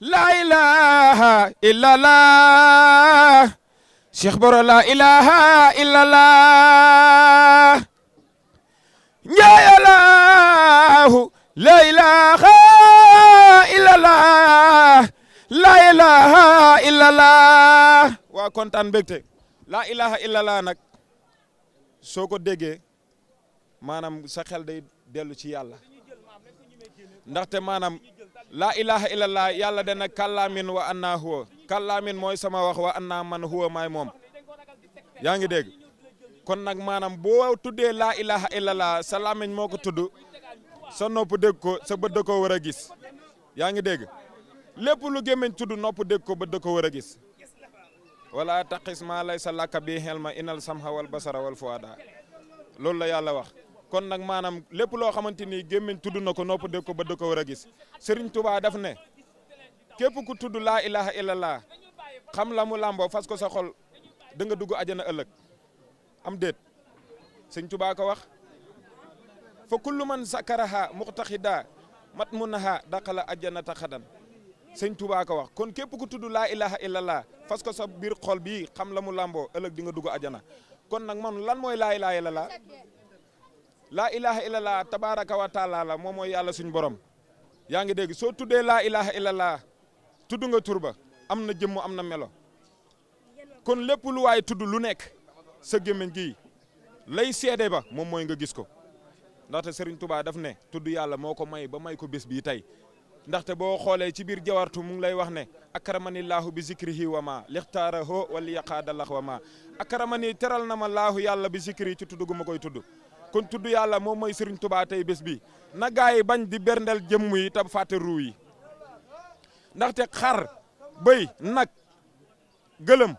la laa ilaaha illallah Cheikh Boro laa ilaaha la Njaay Allahu laa ilaaha illallah laa ilaaha illallah waa kontaan bégte laa ilaaha illallah nag soo ko déggee maanaam sa xel day dellu ci yàlla ndaxte maanaam laa ilaha illallah yàlla de na kàllaamin wa anna huwa kàllaamin mooy sama wax wa anna man huwa maay moom yaa ngi dégg kon nag maanaam boo tuddee laa ilaha illallah sa làmmiñ moo ko tudd sa nopp dégg ko sa bët da ko war a gis yaa ngi dégg lépp lu gémmiñ tudd nopp dégg ko bët da ko war a gis wala taqis ma lay sa làkka bi xel ma inal samha wal basara wal la yàlla wax kon nag maanaam lépp loo xamante ni gémmiñ tudd na ko nopp dégg ko ba da ko war a gis Serigne Touba daf ne képp ku tudd laa ilaha illallah xam la mu làmboo fas ko sa xol da dugg ajana ëllëg am déet Sëñ Touba ko wax fa kullu man sakaraha muxtaxida mat mu naha daqala ajjanata xadan sëñ Touba ko wax kon képp ku tudd laa ilaha illallah fas ko sa biir xol bii xam la mu làmboo ëllëg di nga dugg ajana kon nag man lan mooy laa ilaha illallah laa ilaha illallah tabaraka la moom mooy yàlla suñu borom yaa ngi dégg soo tuddee laa ilaha illallah tudd nga tur ba am na jëmm am na melo kon lépp lu waaye tudd lu nekk sa gémmiñ gi lay seede ba moom mooy nga gis ko ndaxte Serigne Touba daf ne tudd yàlla moo ko may ba may ko bés bii tey ndaxte boo xoolee ci biir jawartu mu ngi lay wax ne akramani laahu bi zikrihi wa ma lixtaaraho wala yaqaadalax wa ma akramani teral na ma laahu yàlla bi zikri ci ma koy tudd kon tudd yàlla moom mooy Serigne Touba tey bés bi na gaa yi bañ di berndel jëmmu yi te fàtte ruu yi ndaxte xar bëy nag gëlëm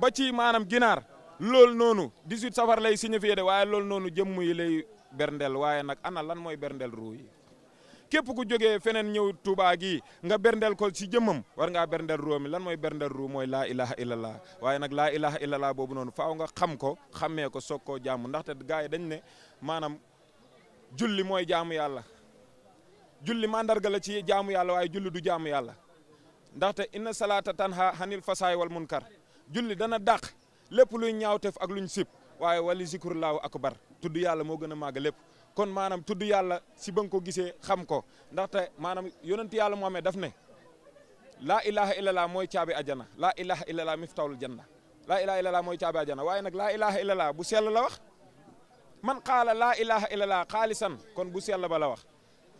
ba ci maanaam ginaar loolu noonu 18 safar lay signifié de waaye loolu noonu jëmmu yi lay berndel waaye nag ana lan mooy berndel ruu yi képp ku jóge feneen ñëw Touba gii nga berndel ko si jëmmam war ngaa berndeel ruu mi lan mooy berndeel ruu mooy laa ilaha illallah waaye nag laa ilaha illallah boobu noonu faaw nga xam ko xammee ko soog koo jaamu ndaxte gars yi dañ ne maanaam julli mooy jaamu yàlla julli mandarga la ci jaamu yàlla waaye julli du jaamu yàlla ndaxte inna salaata tanha hanil fasaay wal munkar julli dana dàq lépp luy ñaawteef ak luñ sip waaye wali zikrullahu akbar tudd yàlla moo gën a màgg lépp kon maanaam tudd yàlla si ba nga ko gisee xam ko ndaxte maanaam yonentu yàlla Muhammad daf ne laa ilaha illallah mooy caabi ajana laa ilaha illallah miftahul janna laa ilaha illallah mooy caabi ajana waaye nag laa ilaha illallah bu sell la wax man xaala laa ilaha illallah xaalisan kon bu sell ba la wax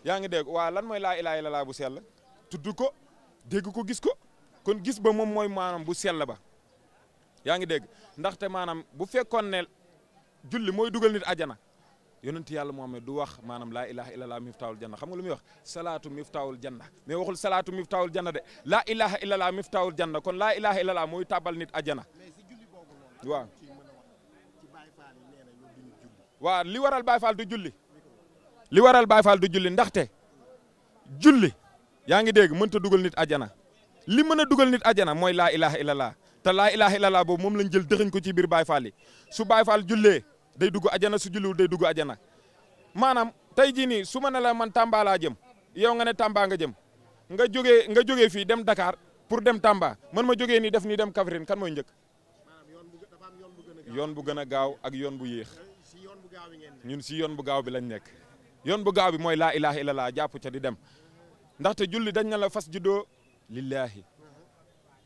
yaa ngi dégg waa lan mooy laa ilaha illallah bu sell tudd ko dégg ko gis ko kon gis ba moom mooy maanam bu sella ba yaa ngi dégg ndaxte maanaam bu fekkoon ne julli mooy dugal nit ajana yonent yàlla Muhammad du wax maanaam laa ilaha illallah miftaawul janna xam nga lu muy wax salaatu miftaawul janna mais waxul salaatu miftaawul janna de laa ilaha illallah miftaawul janna kon laa ilaha illallah mooy tàbbal nit àjjana waaw li waral Baay Faal du li waral Baay Faal du ndaxte julli yaa ngi dégg mënta dugal nit àjjana mën a dugal nit àjjana mooy laa ilaha illallah te laa ilaha illallah boobu moom lañ jël dëxëñ ko ci biir Baay Faal su Baay Faal jullee day dugg ajana su julliwul day dugg ajana maanaam tey jii nii su ma ne la man Tamba laa jëm yow nga ne tàmbaa nga jëm nga jóge nga jógee fii dem Dakar pour dem Tamba man ma jógee nii def nii dem Kaffrine kan mooy njëkk yoon bu gën a gaaw ak yoon bu yéex ñun si yoon bu gaaw bi lañ nekk yoon bu gaaw bi mooy laa ilaha illallah jàpp ca di dem ndaxte julli dañ na la fas juddoo lillaahi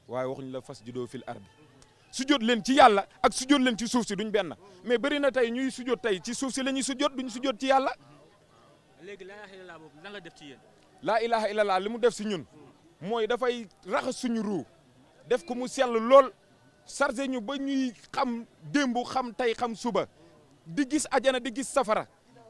waaye waxuñ la fas juddoo fil ardi sujjóot leen ci yàlla ak sujjóot leen ci suuf si duñ benn mais bëri na tey ñuy sujjóot tey ci suuf si la ñuy sujjóot duñ sujjóot ci yàlla. léegi laa ilaha illallah boobu la def ci yéen. laa ilaha illallah li mu def si ñun mooy dafay raxas suñu ruu def ko mu sell lool chargé ñu ba ñuy xam démb xam tey xam suba di gis ajana di gis safara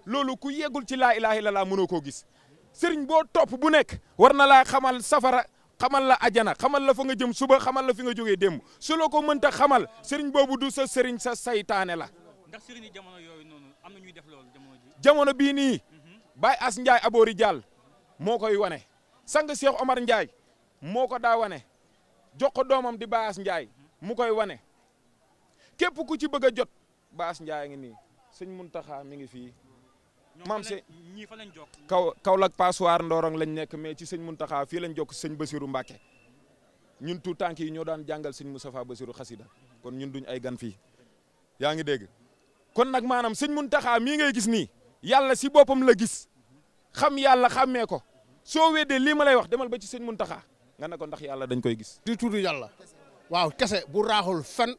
loolu ku yeggul ci laa ilaha illallah mënoo koo gis sëriñ boo topp bu nekk war na laa xamal safara. xamal la ajana xamal la fa nga jëm suba xamal la fi nga jógee démb su la ko mënta xamal sëriñ boobu du sa sëriñ sa seytaane la. ndax sëriñ yi jamono yooyu noonu am na ñuy def loolu jamono ji. jamono bii nii. Mhm. Baye As Ndiaye Aboori Diall moo koy wane sang Cheikh Omar Ndiaye moo ko daa wane jox ko doomam di Baye As Ndiaye mu koy wane képp ku ci bëgg a jot Baye As Ndiaye ngi nii sëñ mënta mi ngi fii. maam si kaw Kaolack Passoir Ndorong lañ nekk mais ci sëñ Muntaxa fii lañ jokk sëñ Basiru Mbàkke ñun tu tànk yi ñoo daan jàngal sëñ Moustapha Basiru xasida kon ñun duñ ay gan fii yaa ngi dégg kon nag maanaam sëñ mun taxa mii ngay gis nii yàlla si boppam la gis xam yàlla xàmmee ko soo weddee lii ma lay wax demal ba ci sëñ taxa nga ne ko ndax yàlla dañ koy gis di tudd yàlla waaw kese bu raaxul fen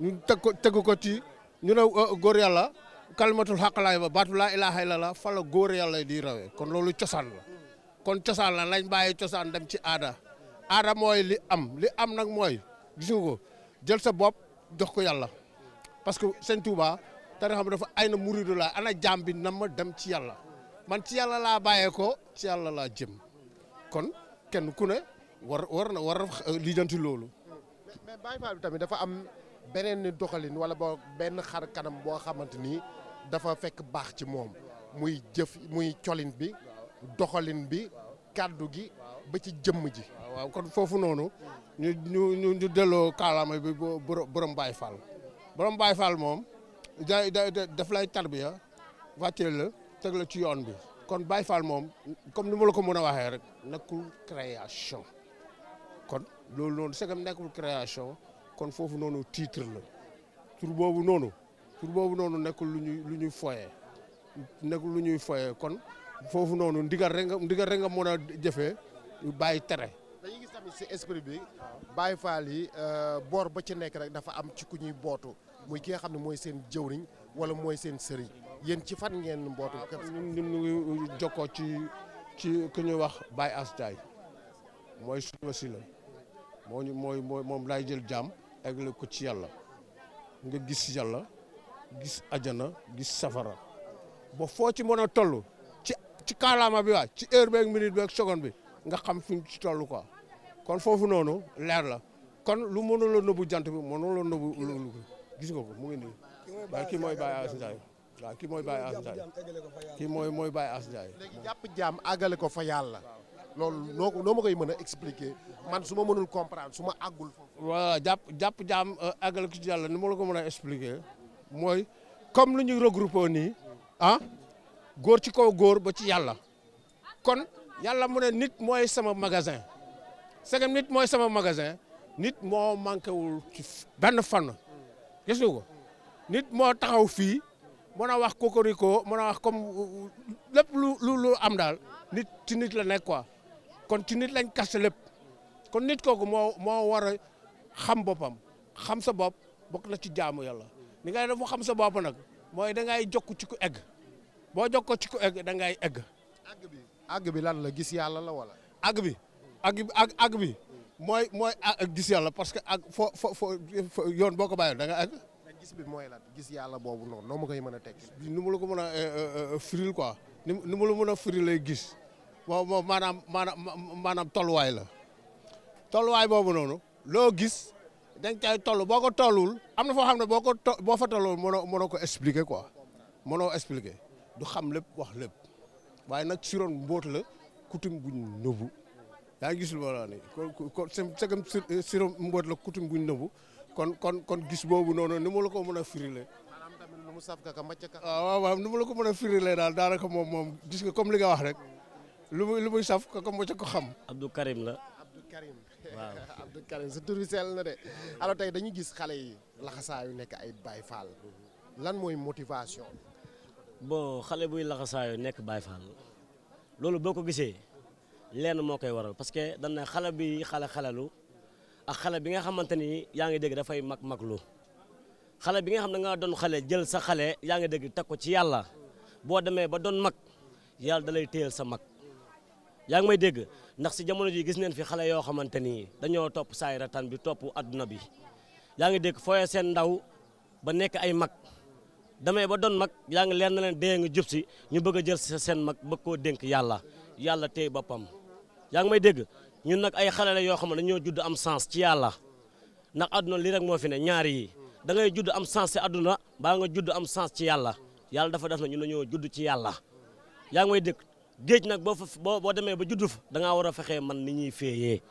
ñu teg ko teg ko ci ñu ne oh, oh, yàlla kalimatul xaqalaay ba baatu laa ilaaha illallah fa la góor yàlla di rawee kon loolu cosaan la kon cosaan la lañ bàyyi cosaan dem ci aada aada mooy li am li am nag mooy gis nga ko jël sa bopp jox ko yàlla parce que sëñ Touba te nga dafa ay na muridu laa ana jaam bi na ma dem ci yàlla man ci yàlla laa bàyyee ko ci yàlla laa jëm kon kenn ku ne war war na war na lijanti loolu. mais Baye Fall bi tamit dafa am beneen doxalin wala boo benn xar kanam boo xamante ni. dafa fekk baax ci moom muy jëf muy colin bi doxalin bi kàddu gi ba ci jëmm ji. waaw kon foofu noonu ñu ñu ñu delloo kaalaama bi borom Baye Fall borom Baye Fall moom da daf lay tarbiya wàcceel la tegla ci yoon bi kon baay Fall moom comme ni ma la ko mën a waxee rek nekkul création kon loolu noonu segam nekkul création kon foofu noonu titre la tur boobu noonu. pour boobu noonu nekkul lu ñuy lu ñuy foyee nekkul lu ñuy foyee kon foofu noonu ndigal rek nga ndigal rek nga mën a jëfee bàyyi tere. dañuy gis si esprit bi Baye Fall yi euh, boor ba ci nekk rek dafa am ci ku ñuy bootu muy ki nga xam ne mooy seen jëwriñ wala mooy seen sëriñ yéen ci fan ngeen bootu. Ah, ñun ñu ngi jokkoo ci ci ku ñuy wax Baye Asdaay mooy suñu wasila moo mooy mooy moom laay jël jaam eggale ko ci yàlla nga gis yàlla. gis ajana gis safara boo foo ci mën a toll ci ci kaalaama bi waa ci heure beeg minute beeg seconde bi nga xam fi ci toll quoi kon foofu noonu leer la kon lu mënul a nëbbu jant bi mënul a nëbbu lu gis nga ko mu ngi nii waaw ki mooy Baye Ass ki mooy Baye Ass Ndiaye kii mooy mooy Baye Ass Ndiaye léegi jàpp jaam àggale ko fa yàlla loolu noo noo ma koy mën a expliquer man su ma mënul comprendre su ma àggul foofu voilà jàpp jàpp jaam euh, àggale ko ci yàlla ni ma la ko mën a expliquer mooy comme lu ñu regroupé nii ah góor ci kaw góor ba ci yàlla kon yàlla mu ne nit mooy sama magasin segam nit mooy sama magasin nit moo manqué wul ci benn fànn gis ko nit moo taxaw fii mën na wax kokoriko mën a wax comme lépp lu lu lu am daal nit ci nit la nekk quoi kon ci nit lañ kaste lépp kon nit kooku moo moo war a xam boppam xam sa bopp bokk na ci jaamu yàlla li ngay ne mu xam sa bopp nag mooy dangay ngay jokk ci ku egg boo jokkoo ci ku egg da ngay egg. àgg bi àgg bi lan la gis yàlla la wala. àgg bi àgg bi àgg àgg bi mooy mooy ak gis yàlla parce que ak foo foo foo yoon boo ko bàyyi da nga àgg. gis bi mooy lan gis yàlla boobu noonu noo ma koy mën a teg. ni mu la ko mën a e, e, e, firil quoi ni ni mu la mën a firilee gis moom maanaam maanaam maanaam tolluwaay la tolluwaay boobu noonu loo gis. dañ cay toll boo ko tollul am na foo xam ne boo ko to boo fa tollul mënoo mënoo ko expliquer quoi mënoo expliquer du xam lépp wax lépp waaye nag si ron mbóot la coutume bu ñu nëbbu yaa ngi gis lu ma la ni kon kon segam si euh, ron la coutume bu ñu nëbbu kon kon kon gis boobu noonu ni mu la ko mën a firilee. maanaam tamit nu mu saf ka ka mbàcc ka. Ah, mu la ko mën a firilee daal daanaka moom moom gis nga comme li nga wax rek lu mu lu muy saf ka ko ko xam. Abdou Karim la Abdou Karim. waaw Abdou Karim sa tur bi na de alors tey dañu gis xale yi laxasaayu nekk ay Baye Fall lan mooy motivation bon xale buy laxasaayu nekk Baye Fall loolu boo ko gisee lenn moo koy waral parce que dañ ne xale bi xale xalelu ak xale bi nga xamante ni yaa ngi dégg dafay mag mag lu xale bi nga xam ne nga doon xale jël sa xale yaa ngi dégg teg ko ci yàlla boo demee ba doon mag yàlla dalay lay téyel sa mag yaa ngi may dégg ndax si jamono ji gis neen fi xale yoo xamante ni dañoo topp saay ratan bi topp aduna bi yaa ngi dégg fooyee seen ndaw ba nekk ay mag damay ba doon mag yaa ngi leer na leen dee nga jub si ñu bëgg a jël seen mag bëgg koo dénk yàlla yàlla tey boppam yaa ngi may dégg ñun nag ay xale yoo xam ne dañoo judd am sens ci yàlla ndax adduna lii rek moo fi ne ñaari yi da judd am sens ci adduna baa nga judd am sens ci yàlla yàlla dafa def na ñu ñun dañoo judd ci yàlla yaa ngi may dégg géej nag boo fa boo boo demee ba judd fa war a fexee man ni ñuy féeyee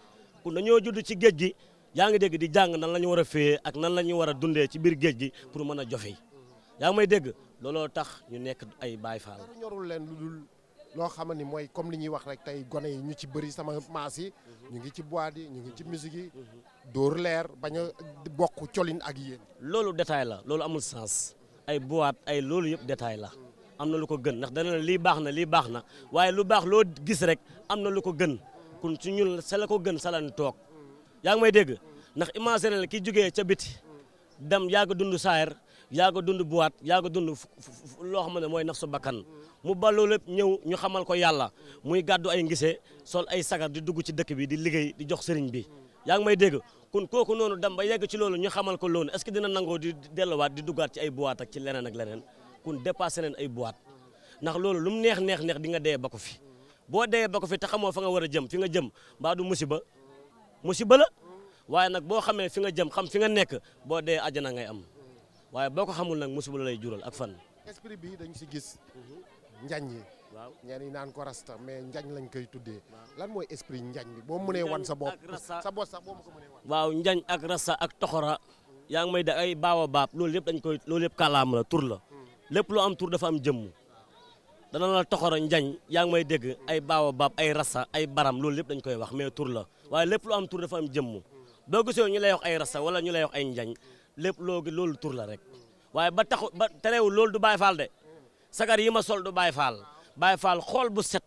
ku dañoo judd ci géej gi yaa ngi dégg di jàng nan la ñu war a féeyee ak nan la ñu war a dundee ci biir géej gi pour mën a jofe yaa ngi may dégg looloo tax ñu nekk ay Baay Faal ñorul leen lu dul loo xam ni mooy comme li ñuy wax rek tey gone yi ñu ci bëri sama maas yi mhm. ñu ngi ci boîte yi ñu ngi ci musique yi leer bañ a bokk colin ak yéen loolu détail la loolu amul sens ay boîte ay loolu yëpp détail la am na lu ko gën ndax dana la lii baax na lii baax na waaye lu baax loo gis rek am na lu ko gën kon su ñun sa la ko gën sa lan toog yaa ngi may dégg ndax imaginer la ki jógee ca biti dem yaa ko dund saayar yaa ko dund buwaat yaa ko dund loo xam ne mooy naf su bakkan mu ba loolu lépp ñëw ñu xamal ko yàlla muy gàddu ay ngisee sol ay sagar di dugg ci dëkk bi di liggéey di jox sëriñ bi yaa ngi may dégg kon kooku noonu dem ba yegg ci loolu ñu xamal ko loolu est-ce que dina nangoo di delluwaat di duggaat ci ay leneen kun dépassé nañ ay boîte ndax loolu lu mu neex neex neex di nga dee ba ko fi boo dee ba ko fi te xamoo fa nga war a jëm fi nga jëm baa du musiba musiba la waaye nag boo xamee fi nga jëm xam fi nga nekk boo dee àjjana ngay am waaye boo ko xamul nag musiba la lay jural ak fan. esprit bi dañu si gis. Mhm. njañ yi. waaw ñenn naan ko rasta mais njañ lañ koy tuddee. lan mooy esprit njañ bi boo mu mënee wan sa bopp sa bopp sax boo ma ko mënee wan. waaw njañ ak rasta ak toxora yaa ngi may da ay baaw a loolu yëpp dañ koy loolu yëpp kàllaama la tur la. lépp lu am tur dafa am jëmm dana la toxoro njañ yaa ngi may dégg ay baawa baab ay rasa ay baram loolu lépp dañ koy wax mais tur la waaye lépp lu am tur dafa am jëmm boo gisee ñu lay wax ay rasa wala ñu lay wax ay njañ lépp loo gi tur la rek waaye ba taxu ba terewul loolu du Baay Faal de yi ma sol du Baay Faal Baay Faal xool bu set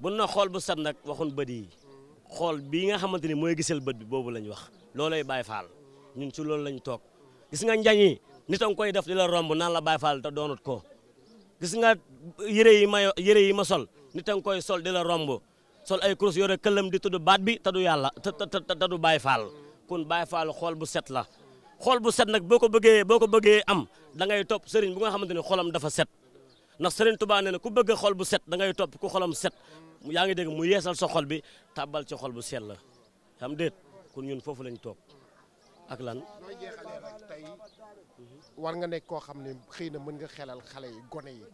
bu na xool bu set nag waxun bët yi xool bii nga xamante ni mooy gisal bët bi boobu lañ wax loolay Baay Faal ñun ci loolu lañu toog gis nga njañ yi nit a nga koy def di la romb naan la Baay Faal ta doonut ko gis nga yëre yi ma yëre yi ma sol nit a nga sol di la romb sol ay kurus yore këllam di tudd baat bi te du yàlla te te du Baay Faal kon Baay Faal xool bu set la xool bu set nag boo ko bëggee boo ko bëggee am da ngay topp sëriñ bu nga xamante ne xolam dafa set ndax sëriñ Tuubaa na ku bëgg xol bu set dangay ngay topp ku xolam set yaa ngi dégg mu yeesal sa xol bi tàbbal ci xol bu set la xam déet kon ñun foofu lañ toog war nga nekk koo xam ne xëy na mën nga xelal xale yi gone yi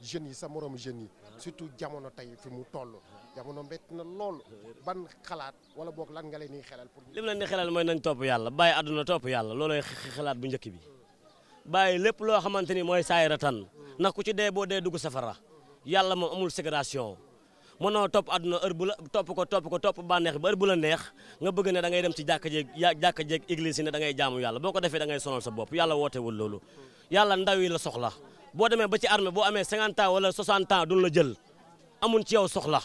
jeunes yi sa moroom jeunes yi surtout jamono tey fi mu toll jamono mbett na lool ban xalaat wala boog lan nga leen di xelal pour li mu leen di xelal mooy nañ topp yàlla bàyyi àdduna topp yàlla looloy xalaat bu njëkk bi bàyyi lépp loo xamante ni mooy saayira tan na ku ci dee boo dee dugg safara yàlla moom amul ségrégation mënoo topp àdduna heure bu la topp ko topp ko topp bànneex bi heure bu la neex nga bëgg ne da ngay dem ci jàkka jeeg jàkka jeeg église yi ne da ngay jaamu yàlla boo ko defee da ngay sonal sa bopp yàlla wootewul loolu yàlla ndaw yi la soxla boo demee ba ci armée boo amee 50 ans wala 60 ans duñ la jël amun ci yow soxla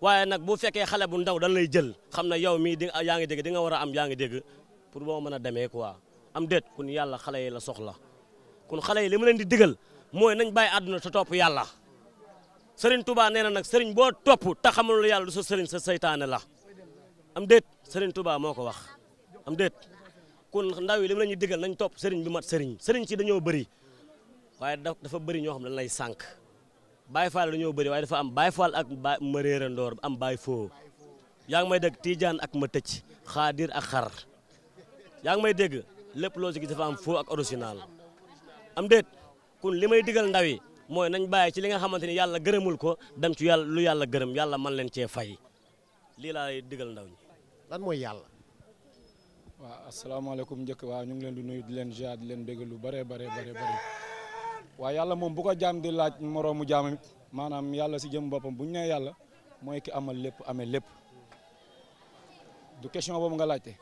waaye nag bu fekkee xale bu ndaw dañ lay jël xam ne yow mii di ah, yaa ngi dégg di nga war am yaa ngi dégg pour boo mën a demee quoi am déet kun yàlla xale yi la soxla kun xale yi li mu leen di digal mooy nañ bàyyi àdduna te topp yàlla sëriñ Touba nee nag sëriñ boo topp te xamul yàlla du sa sëriñ sa seytaane la am déet sëriñ Touba moo ko wax am déet kon ndaw yi li mu la digal nañ topp sëriñ bi mat sëriñ sëriñ si dañoo bëri waaye dafa bëri ñoo xam ne dañ lay sànq Baye Fall dañoo bëri waaye dafa am Baye Fall ak ba ma réerandoor am Baye Foo yaa ngi may dégg tiijaan ak ma tëj xaadir ak xar yaa ngi may dégg lépp loo ci dafa am foo ak original am déet kon li digal ndaw yi mooy nañ bàyyi ci li nga xamante ni yàlla gërëmul ko dem ci yàlla lu yàlla gërëm yàlla man leen cee fay lii laa lay digal ndaw ñi. lan mooy yàlla. waaw asalaamaaleykum njëkk waa ñu ngi leen di nuyu di leen ziar di leen déglu lu bare bare bare bare yàlla moom bu ko jaam di laaj moroomu jaamam it maanaam yàlla si jëm boppam bu ñu nee yàlla mooy ki amal lépp amee lépp du question boobu nga laajte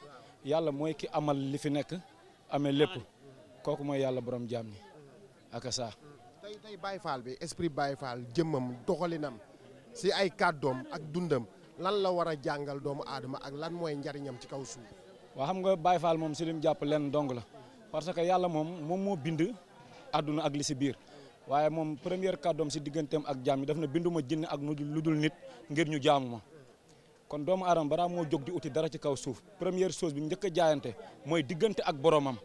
yàlla mooy ki amal li fi nekk amee lépp kooku mooy yàlla borom jaam ni ak saa tey tey Baye Fall bi esprit Baye Fall jëmmam doxalinam si ay kàddoom ak dundam lan la war a jàngal doomu aadama ak lan mooy njariñam ci kaw suuf. waa xam nga Baye moom si lim jàpp lenn dong la parce que yàlla moom moom moo bind àdduna ak li si biir waaye moom première kàddoom si digganteem ak jaam yi daf na binduma jinne ak lu dul nit ngir ñu jaamu ma kon doomu aadama balaa moo jog di uti dara ci kaw suuf première chose bi njëkk a jaayante mooy diggante ak boromam.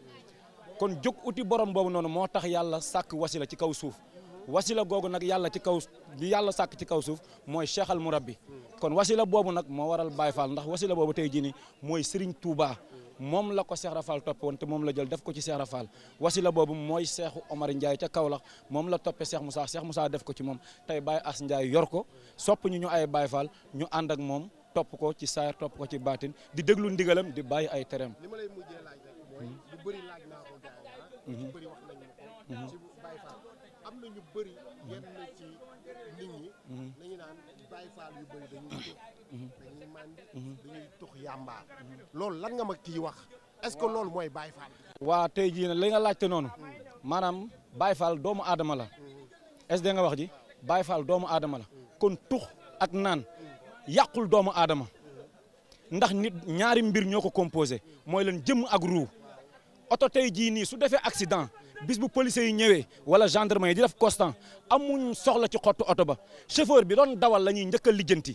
kon jóg uti borom boobu noonu moo tax yàlla sàkk wasila ci kaw suuf wasila googu nag yàlla ci kaw bi yàlla sàkk ci kaw suuf mooy Cheikh al Murabbi kon wasila boobu nag moo waral Baye faal ndax wasila boobu tey jii nii mooy Serigne Touba moom la ko Cheikh Rafal toppe woon te moom la jël def ko ci Cheikh Rafal wasila boobu mooy Cheikhu Omar ca Kaolack moom la toppe Cheikh Moussa Cheikh Moussa def ko ci moom tey Baye As Ndiaye yor ko sopp ñu ñu ay Baye Fall ñu ànd ak moom topp ko ci saar topp ko ci baatin di déglu ndigalam di bàyyi ay tereem. ñu bëri wax mhm. am na ñu bëri yenn mhm. naan Baye Fall yu mhm. loolu lan nga ma kii wax est-ce que loolu mooy Baye Fall waa te jii ne nga laajte noonu maanaam Baye Fall doomu aadama la est-ce nga wax ji Baye Fall doomu aadama la kon tux ak naan yàqul doomu aadama ndax nit ñaari mbir ñoo ko composé mooy leen jëmm ak ruu oto tey jii nii su defee accident bis bu policiers yi ñëwee wala gendarme yi di def constant amuñ soxla ci xottu oto ba chauffeur bi doon dawal la ñuy njëkk a lijjanti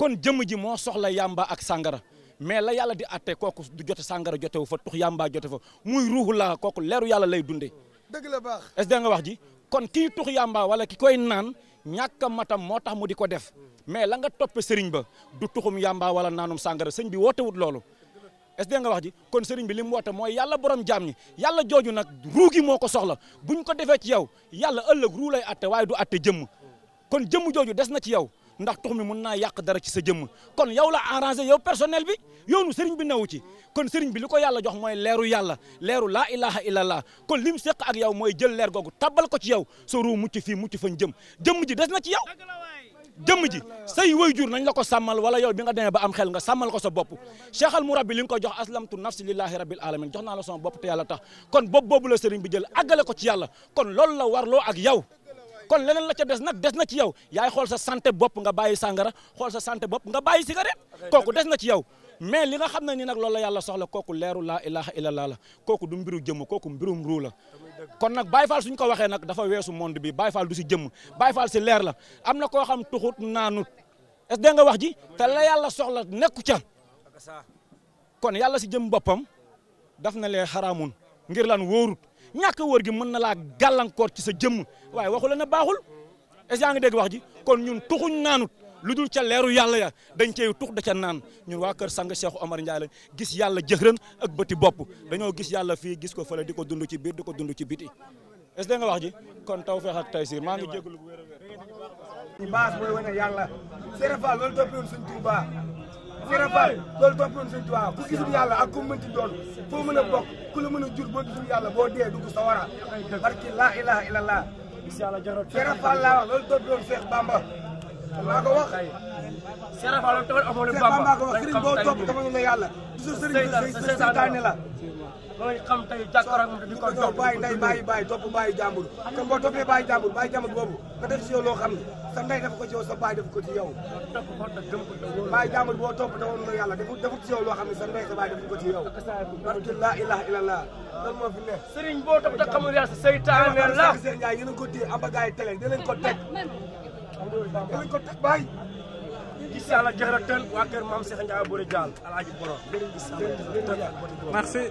kon jëmm ji moo soxla yàmba ak sangara mais la yàlla di àtte kooku du jote sàngara jotewu fa tux yàmba jote fa muy ruuxu laa kooku leeru yàlla lay dundee. dëgg la baax est nga wax ji kon kii tux yàmba wala ki koy naan ñàkk matam moo tax mu di ko def mais la nga toppe sëriñ ba du tuxum yàmba wala naanum sàngara sëñ bi wootewut loolu. est-ce wax ji kon sëriñ bi li mu woote mooy yàlla borom jaam ñi yàlla jooju nag ruu gi moo ko soxla ñu ko defee ci yow yàlla ëllëg ruu lay atte waaye du atte jëmm kon jëmm jooju des na ci yow ndax tux mi mun naa yàq dara ci sa jëmm kon yow la arrangé yow personnel bi yoonu sëriñ bi newu ci kon sëriñ bi li ko yàlla jox mooy leeru yàlla leeru la ilaha illallah kon lim seq ak yow mooy jël leer googu tabal ko ci yow sa ruu mucc fii mucc fañ jëm jëmm ji say waajur nañ la ko sàmmal wala yow bi nga demee ba am xel nga sàmmal ko sa bopp cheikh al murabbi li nga ko jox aslamtu nafsi lillahi rabbil alamin jox naa la sama bopp te yàlla ta kon bopp boobu la sëriñ bi jël àggale ko ci yàlla kon loolu la warloo ak yow kon leneen la ca des nag des na ci yow yaay xool sa sante bopp nga bàyyi sàngara xool sa bopp nga bàyyi cigarette kooku des na ci yow mais li nga xam na ni nag loolu la yàlla soxla kooku leeru laa ilaha illallah la kooku du mbiru jëmm kooku mbirum ruu la kon nag Baye Fall suñ ko waxee nag dafa weesu monde bi Baye Fall du si jëmm Baye Fall si leer la am na koo xam tuxut naanut est-ce que nga wax ji te la yàlla soxla nekku ca kon yàlla si jëm boppam daf na lee xaraamun ngir lan wóorut ñàkk wóor gi mën na laa gàllankoor ci sa jëmm waaye waxu la ne baaxul est yaa ngi dégg wax kon ñun tuxuñ naanut lu dul ca leeru yàlla ya dañ cey tux da ca naan ñun waa kër sang Cheikh Omar Ndiaye lañ gis yàlla jëxërën ak bëti bopp dañoo gis yàlla fii gis ko fële di ko dund ci biir di ko dund ci bit est-ce nga wax ji kon tawfeex ak taysiir maa ngi jégalu bu wér a wér baas yàlla Serigne Fall loolu toppoon suñ Touba Serigne Fall loolu toppoon suñ Touba ku gisul yàlla ak ku a bokk ku mën a jur boo gisul yàlla boo dee dugg sawara barki laa ilaha illallah Serigne Fall laa wax maa ko wax. Serap Fall tool amoon na Bamba boo topp dama ne la mooy xam tey jàkkaarloo moom di ko topp bàyyi ndey bàyyi bàyyi topp bàyyi jàmbur te boo toppee bàyyi jàmbur bàyyi jàmbur boobu nga def si yow loo xam ne sa ndey def ko ci yow sa bàyyi def boo topp da woon na yàlla def defut loo xam ne sa ndey sa bàyyi def ko ci yow laa ilaha illallah lan moo fi ne sëriñ boo topp te xamul yàlla sa seytaane la seen yaay yéen a ko téye amba gaay télé dinañ ko teg dañ ko tëj bàyyi gis yàlla jaxratal waa kër maam Cheikh Ndiaye Bori Dial alaaji borom merci